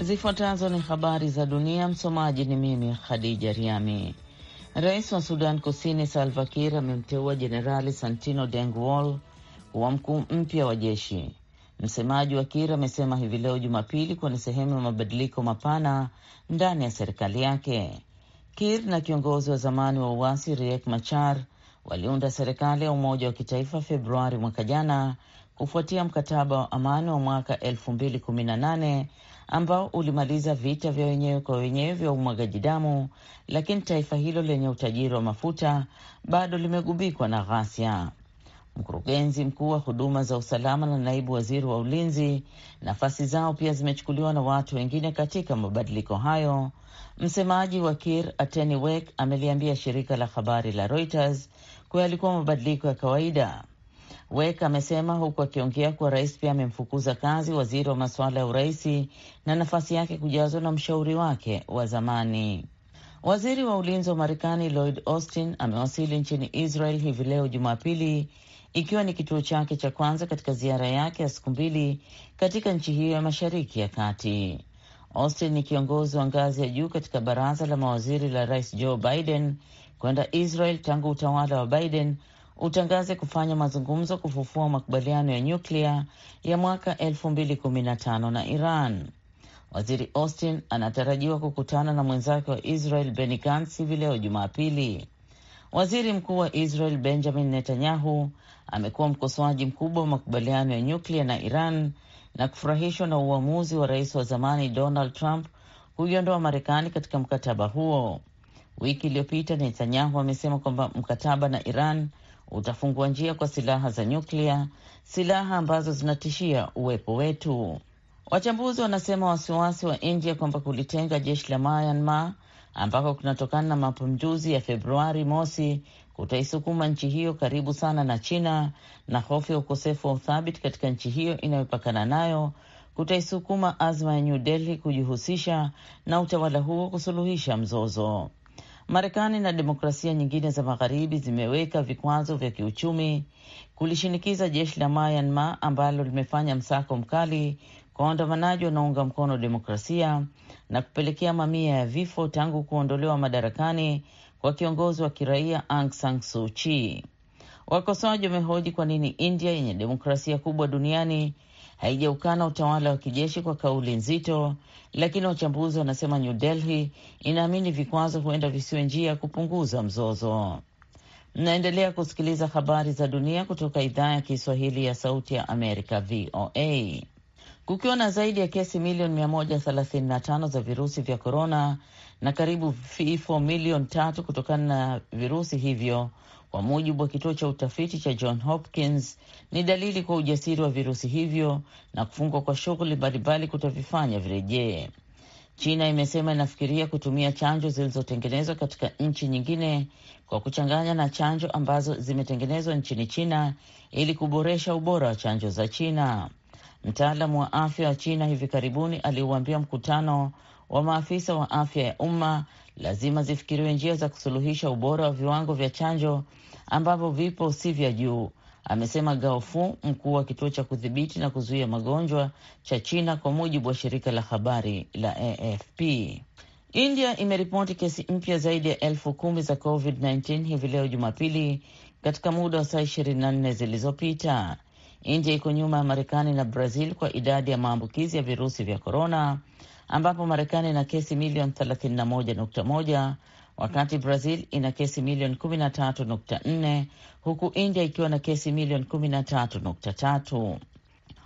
Zifuatazo ni habari za dunia. Msomaji ni mimi Khadija Riami. Rais wa Sudan Kusini Salva Kiir amemteua Jenerali Santino Dengwall kuwa mkuu mpya wa jeshi. Msemaji wa Kiir amesema hivi leo Jumapili kuwa ni sehemu ya mabadiliko mapana ndani ya serikali yake. Kiir na kiongozi wa zamani wa uasi Riek Machar waliunda serikali ya umoja wa kitaifa Februari mwaka jana kufuatia mkataba wa amani wa mwaka ambao ulimaliza vita vya wenyewe kwa wenyewe vya umwagaji damu, lakini taifa hilo lenye utajiri wa mafuta bado limegubikwa na ghasia. Mkurugenzi mkuu wa huduma za usalama na naibu waziri wa ulinzi, nafasi zao pia zimechukuliwa na watu wengine katika mabadiliko hayo. Msemaji wa Kir Ateni Wek ameliambia shirika la habari la Reuters kuwa yalikuwa mabadiliko ya kawaida Wek amesema huku akiongea kuwa rais pia amemfukuza kazi waziri wa masuala ya uraisi na nafasi yake kujazwa na mshauri wake wa zamani. Waziri wa ulinzi wa Marekani Lloyd Austin amewasili nchini Israel hivi leo Jumapili, ikiwa ni kituo chake cha kwanza katika ziara yake ya siku mbili katika nchi hiyo ya mashariki ya kati. Austin ni kiongozi wa ngazi ya juu katika baraza la mawaziri la rais Joe Biden kwenda Israel tangu utawala wa Biden utangaze kufanya mazungumzo kufufua makubaliano ya nyuklia ya mwaka 2015 na Iran. Waziri Austin anatarajiwa kukutana na mwenzake wa Israel Benny Gantz hivi leo Jumapili. Waziri mkuu wa Israel Benjamin Netanyahu amekuwa mkosoaji mkubwa wa makubaliano ya nyuklia na Iran na kufurahishwa na uamuzi wa rais wa zamani Donald Trump kuiondoa Marekani katika mkataba huo. Wiki iliyopita Netanyahu amesema kwamba mkataba na Iran utafungua njia kwa silaha za nyuklia, silaha ambazo zinatishia uwepo wetu. Wachambuzi wanasema wasiwasi wa India kwamba kulitenga jeshi la Myanmar ambako kunatokana na mapinduzi ya Februari mosi kutaisukuma nchi hiyo karibu sana na China na hofu ya ukosefu wa uthabiti katika nchi hiyo inayopakana nayo kutaisukuma azma ya New Delhi kujihusisha na utawala huo kusuluhisha mzozo. Marekani na demokrasia nyingine za magharibi zimeweka vikwazo vya kiuchumi kulishinikiza jeshi la Myanmar ambalo limefanya msako mkali kwa waandamanaji wanaunga mkono demokrasia na kupelekea mamia ya vifo tangu kuondolewa madarakani kwa kiongozi wa kiraia Aung San Suu Kyi. Wakosoaji wamehoji kwa nini India yenye demokrasia kubwa duniani haijaukana utawala wa kijeshi kwa kauli nzito, lakini wachambuzi wanasema New Delhi inaamini vikwazo huenda visiwe njia ya kupunguza mzozo. Mnaendelea kusikiliza habari za dunia kutoka idhaa ya Kiswahili ya Sauti ya Amerika, VOA. Kukiwa na zaidi ya kesi milioni 135 za virusi vya korona na karibu vifo milioni tatu kutokana na virusi hivyo, kwa mujibu wa kituo cha utafiti cha John Hopkins, ni dalili kwa ujasiri wa virusi hivyo na kufungwa kwa shughuli mbalimbali kutavifanya virejee. China imesema inafikiria kutumia chanjo zilizotengenezwa katika nchi nyingine kwa kuchanganya na chanjo ambazo zimetengenezwa nchini China ili kuboresha ubora wa chanjo za China. Mtaalamu wa afya wa China hivi karibuni aliuambia mkutano wa maafisa wa afya ya umma, lazima zifikiriwe njia za kusuluhisha ubora wa viwango vya chanjo ambavyo vipo si vya juu, amesema Gaofu, mkuu wa kituo cha kudhibiti na kuzuia magonjwa cha China, kwa mujibu wa shirika la habari la AFP. India imeripoti kesi mpya zaidi ya elfu kumi za COVID-19 hivi leo Jumapili, katika muda wa saa nne zilizopita. India iko nyuma ya Marekani na Brazil kwa idadi ya maambukizi ya virusi vya korona, ambapo Marekani ina kesi milioni 31.1 wakati Brazil ina kesi milioni 13.4 huku India ikiwa na kesi milioni 13.3.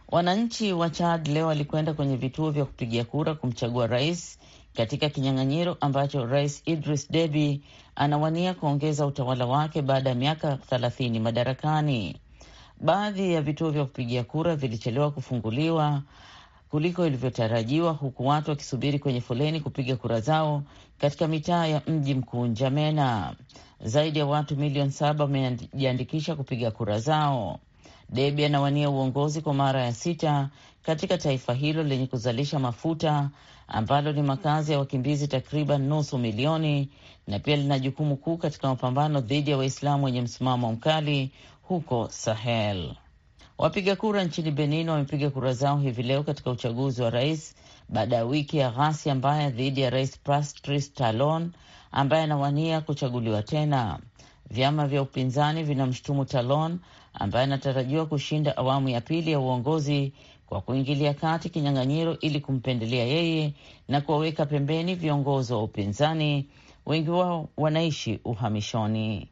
Wananchi wa Chad leo walikwenda kwenye vituo vya kupigia kura kumchagua rais katika kinyang'anyiro ambacho Rais Idris Deby anawania kuongeza utawala wake baada ya miaka thelathini madarakani. Baadhi ya vituo vya kupigia kura vilichelewa kufunguliwa kuliko ilivyotarajiwa, huku watu wakisubiri kwenye foleni kupiga kura zao katika mitaa ya mji mkuu Njamena. Zaidi ya watu milioni saba wamejiandikisha kupiga kura zao. Debi anawania uongozi kwa mara ya sita katika taifa hilo lenye kuzalisha mafuta ambalo ni makazi ya wakimbizi takriban nusu milioni na pia lina jukumu kuu katika mapambano dhidi ya Waislamu wenye msimamo mkali huko Sahel. Wapiga kura nchini Benin wamepiga kura zao hivi leo katika uchaguzi wa rais baada ya wiki ya ghasia mbaya dhidi ya rais Patrice Talon ambaye anawania kuchaguliwa tena. Vyama vya upinzani vinamshutumu Talon ambaye anatarajiwa kushinda awamu ya pili ya uongozi kwa kuingilia kati kinyang'anyiro ili kumpendelea yeye na kuwaweka pembeni viongozi wa upinzani, wengi wao wanaishi uhamishoni.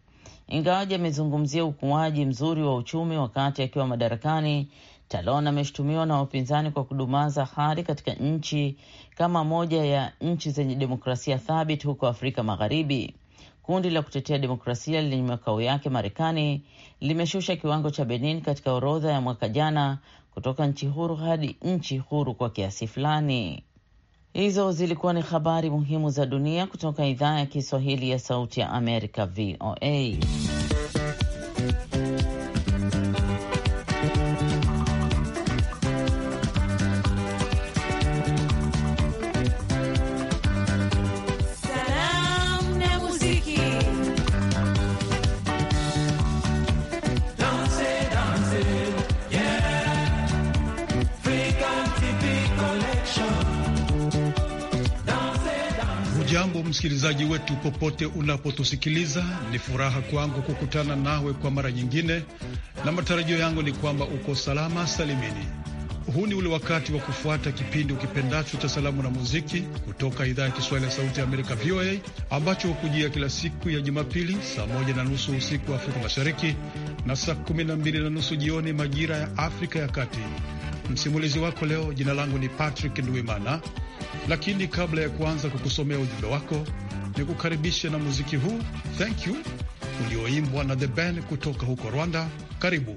Ingawaji amezungumzia ukuaji mzuri wa uchumi wakati akiwa madarakani, Talon ameshutumiwa na wapinzani kwa kudumaza hadi katika nchi kama moja ya nchi zenye demokrasia thabiti huko Afrika Magharibi. Kundi la kutetea demokrasia lenye makao yake Marekani limeshusha kiwango cha Benin katika orodha ya mwaka jana kutoka nchi huru hadi nchi huru kwa kiasi fulani. Hizo zilikuwa ni habari muhimu za dunia kutoka idhaa ya Kiswahili ya Sauti ya Amerika, VOA. msikilizaji wetu popote unapotusikiliza, ni furaha kwangu kukutana nawe kwa mara nyingine, na matarajio yangu ni kwamba uko salama salimini. Huu ni ule wakati wa kufuata kipindi ukipendacho cha salamu na muziki kutoka idhaa ya Kiswahili ya Sauti ya Amerika, VOA, ambacho hukujia kila siku ya Jumapili saa moja na nusu usiku wa Afrika Mashariki na saa kumi na mbili na nusu jioni majira ya Afrika ya Kati. Msimulizi wako leo, jina langu ni Patrick Ndwimana, lakini kabla ya kuanza kukusomea ujumbe wako, ni kukaribishe na muziki huu thank you ulioimbwa na The Ben kutoka huko Rwanda. Karibu.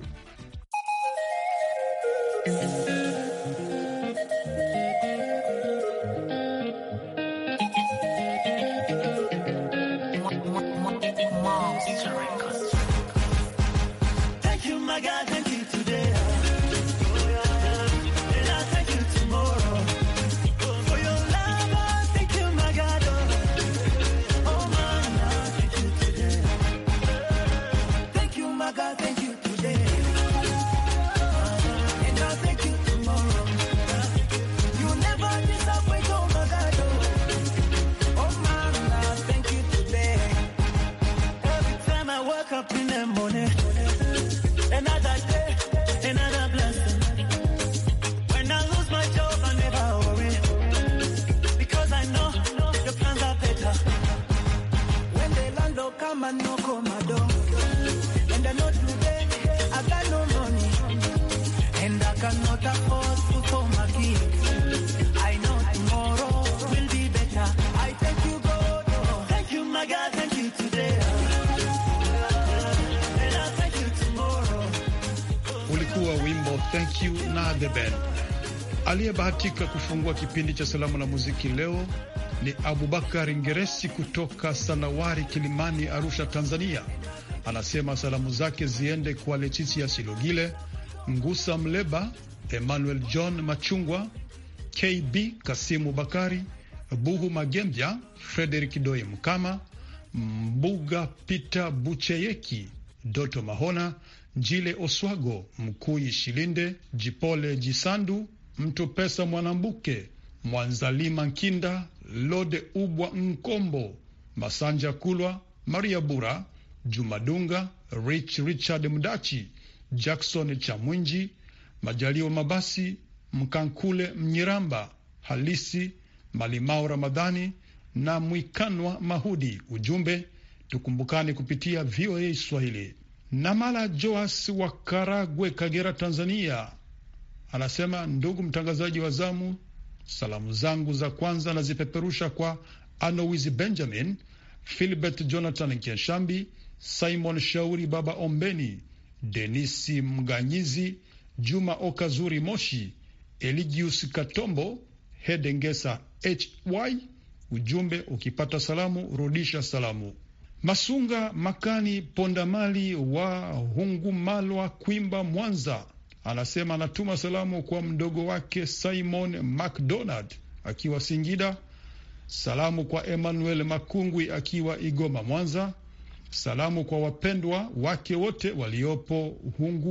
katika kufungua kipindi cha salamu na muziki leo ni Abubakar Ngeresi kutoka Sanawari, Kilimani, Arusha, Tanzania. Anasema salamu zake ziende kwa Leticia Silogile, Ngusa Mleba, Emmanuel John Machungwa, KB Kasimu Bakari, Buhu Magembya, Frederik Doi Mkama, Mbuga Peter Bucheyeki, Doto Mahona, Njile Oswago, Mkui Shilinde, Jipole Jisandu Mtu Pesa Mwanambuke, Mwanzalima Nkinda, Lode Ubwa Nkombo, Masanja Kulwa, Maria Bura, Jumadunga, Rich Richard Mdachi, Jackson Chamwinji, Majaliwa Mabasi, Mkankule Mnyiramba, Halisi Malimao Ramadhani na Mwikanwa Mahudi. Ujumbe, tukumbukane kupitia VOA Swahili. Namala Joas wa Karagwe, Kagera, Tanzania Anasema, ndugu mtangazaji wa zamu, salamu zangu za kwanza nazipeperusha kwa Anowizi Benjamin, Filbert Jonathan Nkenshambi, Simon Shauri, Baba Ombeni, Denisi Mganyizi, Juma Okazuri Moshi, Eligius Katombo, Hedengesa Hy. Ujumbe, ukipata salamu rudisha salamu. Masunga Makani Pondamali wa Hungumalwa, Kwimba, Mwanza, anasema anatuma salamu kwa mdogo wake Simon McDonald akiwa Singida, salamu kwa Emmanuel Makungwi akiwa Igoma, Mwanza, salamu kwa wapendwa wake wote waliopo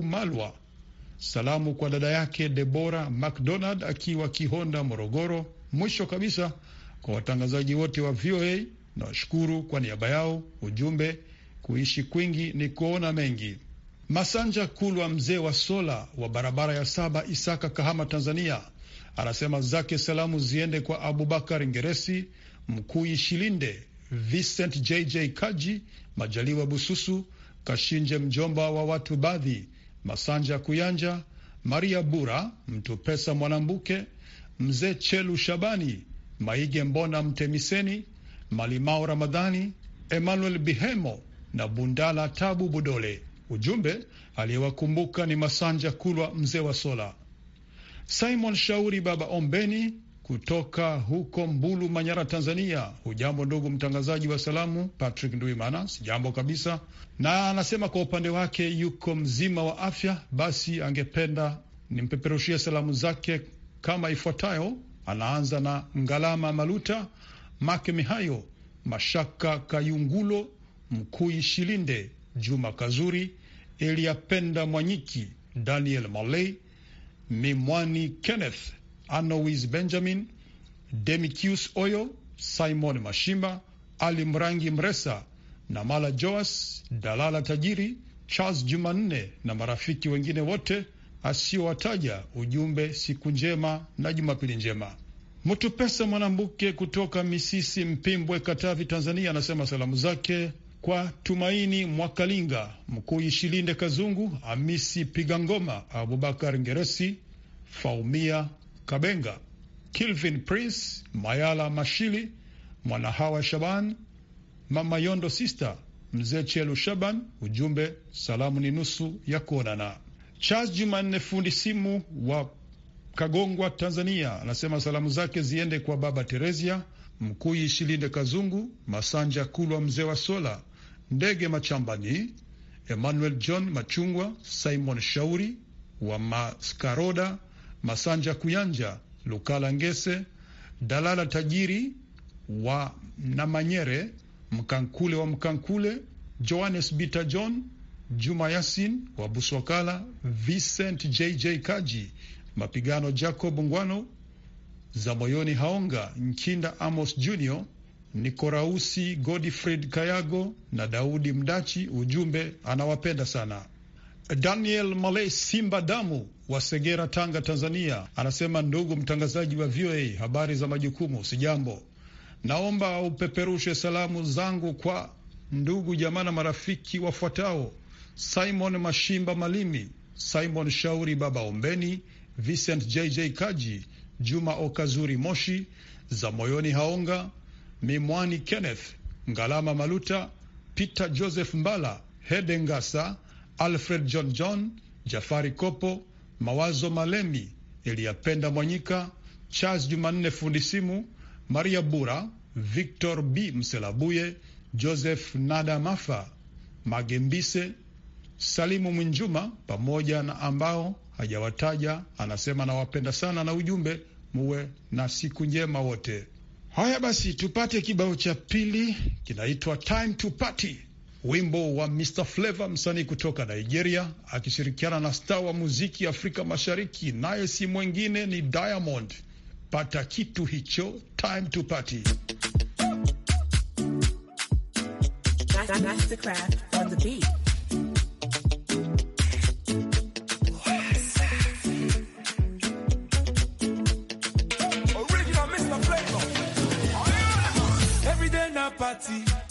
Malwa, salamu kwa dada yake Debora McDonald akiwa Kihonda, Morogoro. Mwisho kabisa kwa watangazaji wote wa VOA nawashukuru kwa niaba yao. Ujumbe, kuishi kwingi ni kuona mengi. Masanja Kulwa, mzee wa sola wa barabara ya saba, Isaka, Kahama, Tanzania, anasema zake salamu ziende kwa Abubakar Ngeresi, Mkuu Shilinde, Vincent JJ Kaji, Majaliwa Bususu, Kashinje, mjomba wa watu badhi, Masanja Kuyanja, Maria Bura, mtu pesa Mwanambuke, mzee Chelu Shabani, Maige Mbona, Mtemiseni, Malimao Ramadhani, Emmanuel Bihemo na Bundala Tabu Budole. Ujumbe aliyewakumbuka ni Masanja Kulwa, mzee wa sola. Simon Shauri Baba Ombeni kutoka huko Mbulu, Manyara, Tanzania. Hujambo ndugu mtangazaji wa salamu, Patrick Nduimana? Sijambo kabisa. Na anasema kwa upande wake yuko mzima wa afya, basi angependa nimpeperushie salamu zake kama ifuatayo. Anaanza na Ngalama Maluta, Make Mihayo, Mashaka Kayungulo, Mkui Shilinde, Juma Kazuri, Eliapenda Mwanyiki, Daniel Maley, Mimwani Kenneth, Anowis Benjamin, Demikius Oyo, Simon Mashimba, Ali Mrangi Mresa namala Joas, Dalala Tajiri, Charles Jumanne na marafiki wengine wote asiyowataja. Ujumbe siku njema na Jumapili njema. Mtu Pesa Mwanambuke kutoka Misisi Mpimbwe, Katavi, Tanzania anasema salamu zake kwa Tumaini Mwakalinga, Mkuu Shilinde Kazungu, amisi Piga Ngoma, Abubakar Ngeresi, Faumia Kabenga, Kilvin Prince, Mayala Mashili, Mwanahawa Shaban, Mama Yondo Sister, Mzee Chelu Shaban. Ujumbe, salamu ni nusu ya kuonana. Charles Jumanne, fundi simu wa Kagongwa, Tanzania, anasema salamu zake ziende kwa Baba Teresia Mkuu Shilinde Kazungu, Masanja Kulwa, mzee wa Sola, Ndege machambani Emmanuel John Machungwa, Simon Shauri wa Maskaroda, Masanja Kuyanja, Lukala Ngese, Dalala Tajiri wa Namanyere, Mkankule wa Mkankule, Johannes Bita John, Juma Yasin wa Buswakala, Vincent JJ Kaji, Mapigano Jacob Ngwano, za moyoni Haonga Nkinda Amos Junior Nikorausi Godifred Kayago na Daudi Mdachi. Ujumbe anawapenda sana. Daniel Malay Simba Damu wa Segera, Tanga, Tanzania anasema, ndugu mtangazaji wa VOA, habari za majukumu? Sijambo, naomba upeperushe salamu zangu kwa ndugu jamaa na marafiki wafuatao: Simon Mashimba Malimi, Simon Shauri, Baba Ombeni, Vincent JJ Kaji, Juma Okazuri Moshi, za moyoni Haonga Mimwani Kenneth Ngalama, Maluta Peter Joseph Mbala, Hede Ngasa, Alfred John John, Jafari Kopo, Mawazo Malemi, Iliyapenda Mwanyika, Charles Jumanne Fundi Simu, Maria Bura, Victor B Mselabuye, Joseph Nada Mafa, Magembise, Salimu Mwinjuma pamoja na ambao hajawataja. Anasema nawapenda sana na ujumbe muwe na siku njema wote. Haya basi, tupate kibao cha pili kinaitwa Time to Party, wimbo wa Mr Flavor, msanii kutoka Nigeria akishirikiana na star wa muziki Afrika Mashariki, naye si mwingine ni Diamond. Pata kitu hicho, Time to Party. craft on the beat. party.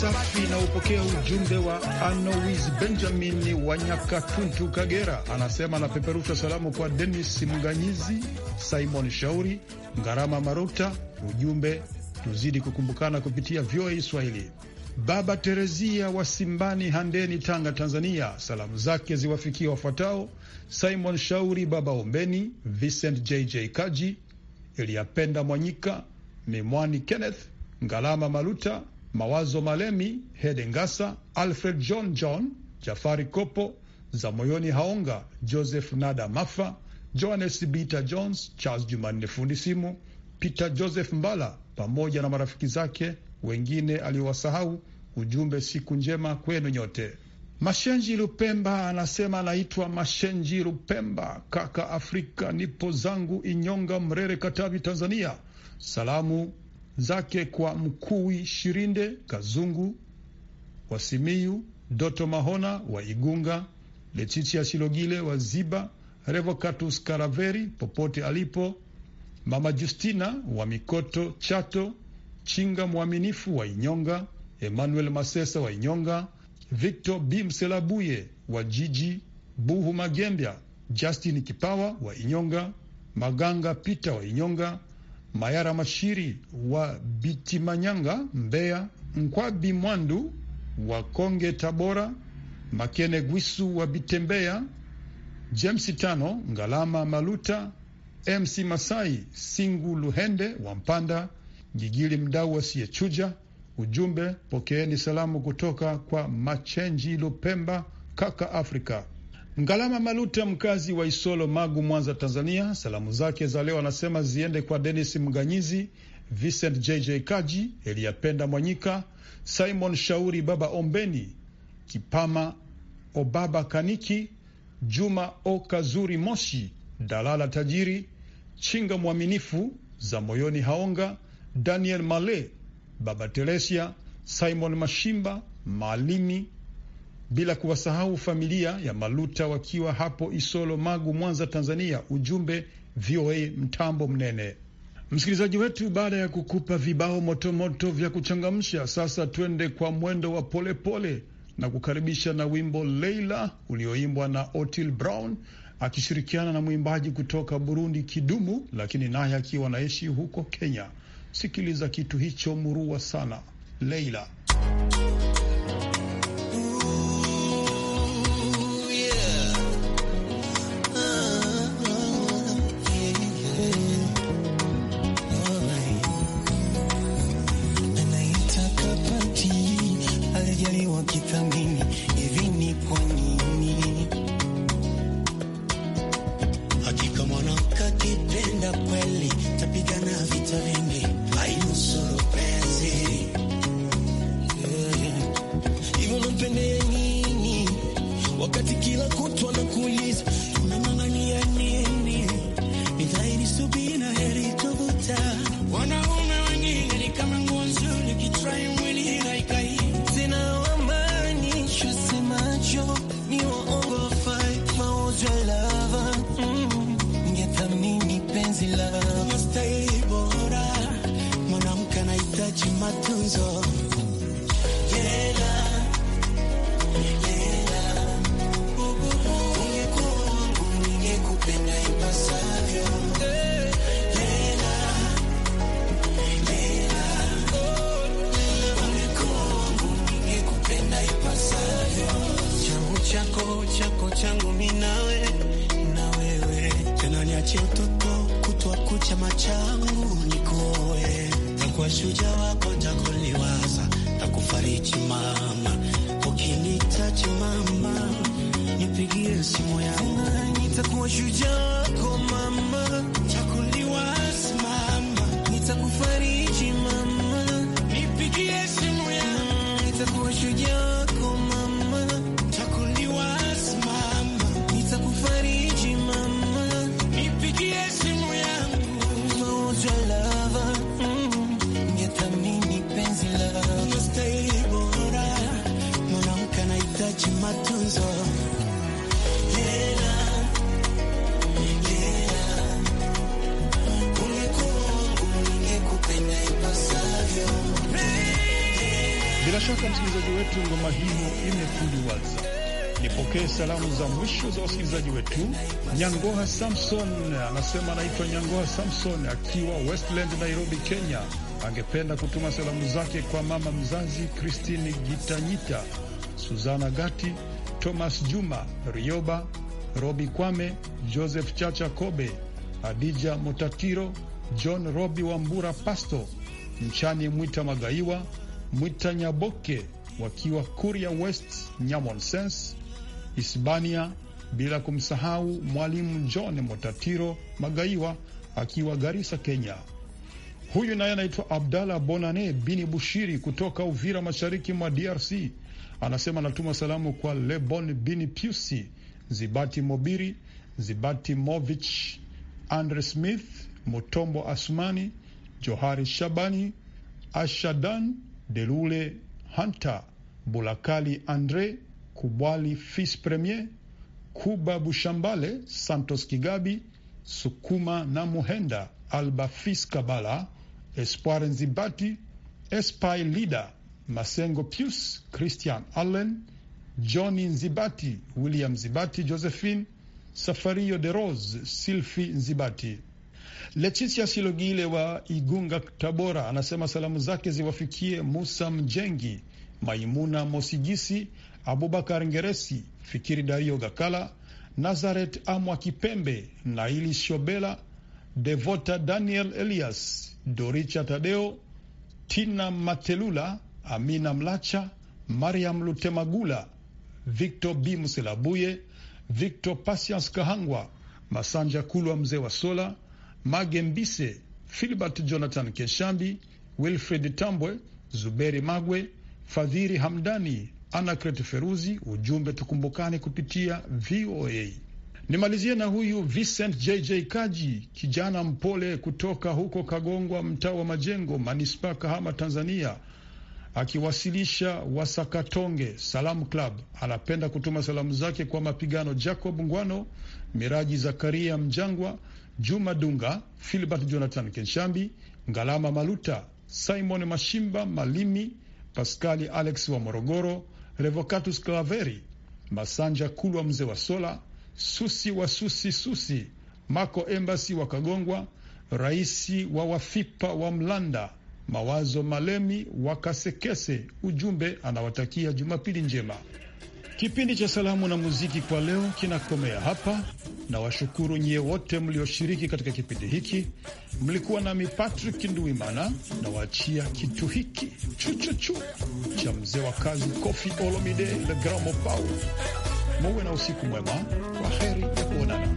safi na upokea ujumbe wa Anois benjamin wa Nyakatuntu, Kagera. Anasema anapeperusha salamu kwa Denis mganyizi Simon Shauri, Ngarama Maruta. Ujumbe, tuzidi kukumbukana kupitia VOA Swahili. Baba Terezia wa Simbani, Handeni, Tanga, Tanzania, salamu zake ziwafikia wafuatao: Simon Shauri, Baba Ombeni, Vincent JJ Kaji, Iliyapenda Mwanyika, Mimwani Kenneth, Ngalama Maluta Mawazo Malemi, Hede Ngasa, Alfred John John, Jafari Kopo, Zamoyoni Haonga, Joseph Nada Mafa, Johannes Bita Jones, Charles Jumanne fundi simu, Peter Joseph Mbala pamoja na marafiki zake wengine aliowasahau. Ujumbe siku njema kwenu nyote. Mashenji Lupemba anasema anaitwa Mashenji Lupemba, kaka Afrika, nipo zangu Inyonga, Mrere, Katavi, Tanzania. Salamu zake kwa Mkuwi Shirinde Kazungu wa Simiyu, Doto Mahona wa Igunga, Letitia Shilogile wa Ziba, Revocatus Karaveri popote alipo, Mama Justina wa Mikoto Chato, Chinga Mwaminifu wa Inyonga, Emmanuel Masesa wa Inyonga, Victor mselabuye wa Jiji, Buhu Magembya, Justin Kipawa wa Inyonga, Maganga Pita wa Inyonga, Mayara Mashiri wa Bitimanyanga, Mbeya, Nkwabi Mwandu wa Konge, Tabora, Makene Gwisu wa bitembea James Tano Ngalama Maluta, MC Masai Singu Luhende wa Mpanda, Gigili mdau asiyechuja. Ujumbe, pokeeni salamu kutoka kwa Machenji Lupemba, kaka Afrika. Ngalama Maluta, mkazi wa Isolo, Magu, Mwanza, Tanzania, salamu zake za leo anasema ziende kwa Denis Mganyizi, Vincent JJ Kaji, Eliapenda Mwanyika, Simon Shauri, Baba Ombeni Kipama, Obaba Kaniki, Juma Okazuri Moshi, Dalala Tajiri, Chinga Mwaminifu, za moyoni Haonga, Daniel Male, Baba Teresia, Simon Mashimba, Maalimi bila kuwasahau familia ya Maluta wakiwa hapo Isolo, Magu, Mwanza, Tanzania. Ujumbe VOA mtambo mnene. Msikilizaji wetu, baada ya kukupa vibao motomoto vya kuchangamsha, sasa twende kwa mwendo wa polepole pole, na kukaribisha na wimbo Leila ulioimbwa na Otil Brown akishirikiana na mwimbaji kutoka Burundi Kidumu, lakini naye akiwa anaishi huko Kenya. Sikiliza kitu hicho murua sana, Leila. ukithamini matungo mahimu imekundu waza. Nipokee salamu za mwisho za wasikilizaji wetu. Nyangoha Samson anasema anaitwa Nyangoha Samson akiwa Westland, Nairobi, Kenya. Angependa kutuma salamu zake kwa mama mzazi Kristini Gitanyita, Suzana Gati, Thomas Juma Rioba, Robi Kwame, Joseph Chacha Kobe, Adija Motatiro, John Robi Wambura, Pasto Mchani Mwita Magaiwa, Mwita Nyaboke wakiwa Kuria West, Nyamonsense, Hispania, bila kumsahau mwalimu John Motatiro Magaiwa akiwa Garissa, Kenya. Huyu naye anaitwa Abdalla Bonane Bini Bushiri kutoka Uvira, mashariki mwa DRC. Anasema anatuma salamu kwa Lebon Bini Piusi, Zibati Mobiri, Zibati Movich, Andre Smith, Mutombo Asmani, Johari Shabani, Ashadan Delule Hunter Bulakali, Andre Kubwali, Fils Premier Kuba, Bushambale, Santos Kigabi, Sukuma na Muhenda alba fils Kabala, Espoir Nzibati, Espai Lida, Masengo Pius, Christian Allen, Johnny Nzibati, William Nzibati, Josephine Safario de Rose, Silfi Nzibati. Leticia Silogile wa Igunga, Tabora, anasema salamu zake ziwafikie Musa Mjengi, Maimuna Mosigisi, Abubakar Ngeresi, Fikiri Dario Gakala, Nazaret Amwa Kipembe, Naili Shobela, Devota Daniel Elias, Doricha Tadeo, Tina Matelula, Amina Mlacha, Mariam Lutemagula, Victor B Mselabuye, Victor Patience Kahangwa, Masanja Kulwa, mzee wa Sola, Magembise, Filbert Jonathan Keshambi, Wilfred Tambwe, Zuberi Magwe, Fadhiri Hamdani, Anacret Feruzi. Ujumbe tukumbukane kupitia VOA. Nimalizie na huyu Vincent JJ Kaji, kijana mpole kutoka huko Kagongwa, mtaa wa Majengo, manispaa Kahama, Tanzania, akiwasilisha Wasakatonge Salamu Club. Anapenda kutuma salamu zake kwa Mapigano Jacob Ngwano, Miraji Zakaria Mjangwa, Juma Dunga, Filbert Jonathan Kenshambi, Ngalama Maluta, Simon Mashimba Malimi, Paskali Alex wa Morogoro, Revocatus Claveri, Masanja Kulwa, mzee wa Sola, Susi wa Susi Susi, Mako Embasi wa Kagongwa, Raisi wa Wafipa wa Mlanda, Mawazo Malemi wa Kasekese. Ujumbe anawatakia Jumapili njema. Kipindi cha salamu na muziki kwa leo kinakomea hapa, na washukuru nyie wote mlioshiriki katika kipindi hiki. Mlikuwa nami Patrick Nduimana, na waachia kitu hiki chuchuchu cha mzee wa kazi Kofi Olomide Le Grand Mopau. Muwe na usiku mwema, kwa heri ya kuonana.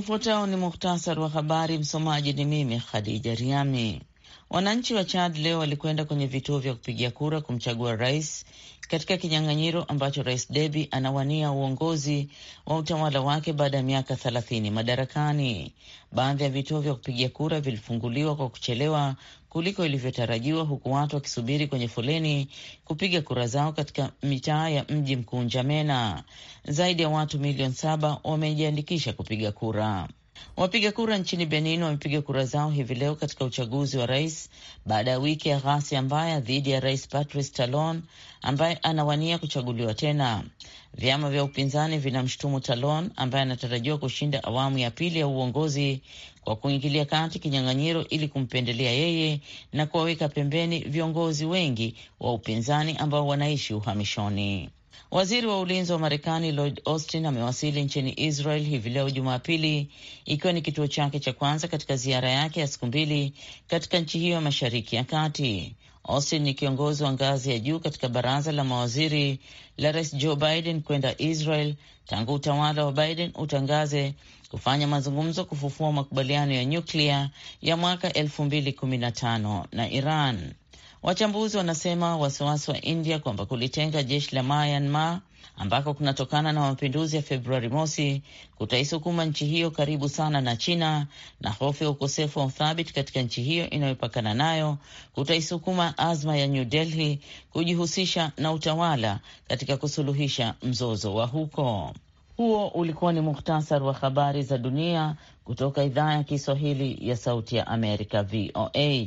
Ufuatao ni muhtasari wa habari. Msomaji ni mimi Khadija Riami. Wananchi wa Chad leo walikwenda kwenye vituo vya kupigia kura kumchagua rais katika kinyang'anyiro ambacho rais Deby anawania uongozi wa utawala wake baada ya miaka thelathini madarakani. Baadhi ya vituo vya kupigia kura vilifunguliwa kwa kuchelewa kuliko ilivyotarajiwa, huku watu wakisubiri kwenye foleni kupiga kura zao katika mitaa ya mji mkuu Njamena. Zaidi ya watu milioni saba wamejiandikisha kupiga kura. Wapiga kura nchini Benin wamepiga kura zao hivi leo katika uchaguzi wa rais baada ya wiki ya ghasia mbaya dhidi ya rais Patrice Talon ambaye anawania kuchaguliwa tena. Vyama vya upinzani vinamshutumu Talon ambaye anatarajiwa kushinda awamu ya pili ya uongozi kwa kuingilia kati kinyang'anyiro ili kumpendelea yeye na kuwaweka pembeni viongozi wengi wa upinzani ambao wanaishi uhamishoni. Waziri wa ulinzi wa Marekani Lloyd Austin amewasili nchini Israel hivi leo Jumapili, ikiwa ni kituo chake cha kwanza katika ziara yake ya siku mbili katika nchi hiyo ya mashariki ya kati. Austin ni kiongozi wa ngazi ya juu katika baraza la mawaziri la Rais Joe Biden kwenda Israel tangu utawala wa Biden utangaze kufanya mazungumzo kufufua makubaliano ya nyuklia ya mwaka elfu na Iran. Wachambuzi wanasema wasiwasi wa India kwamba kulitenga jeshi la Myanmar ambako kunatokana na mapinduzi ya Februari mosi kutaisukuma nchi hiyo karibu sana na China na hofu ya ukosefu wa uthabiti katika nchi hiyo inayopakana nayo kutaisukuma azma ya New Delhi kujihusisha na utawala katika kusuluhisha mzozo wa huko. Huo ulikuwa ni muhtasari wa habari za dunia kutoka idhaa ya Kiswahili ya Sauti ya Amerika, VOA.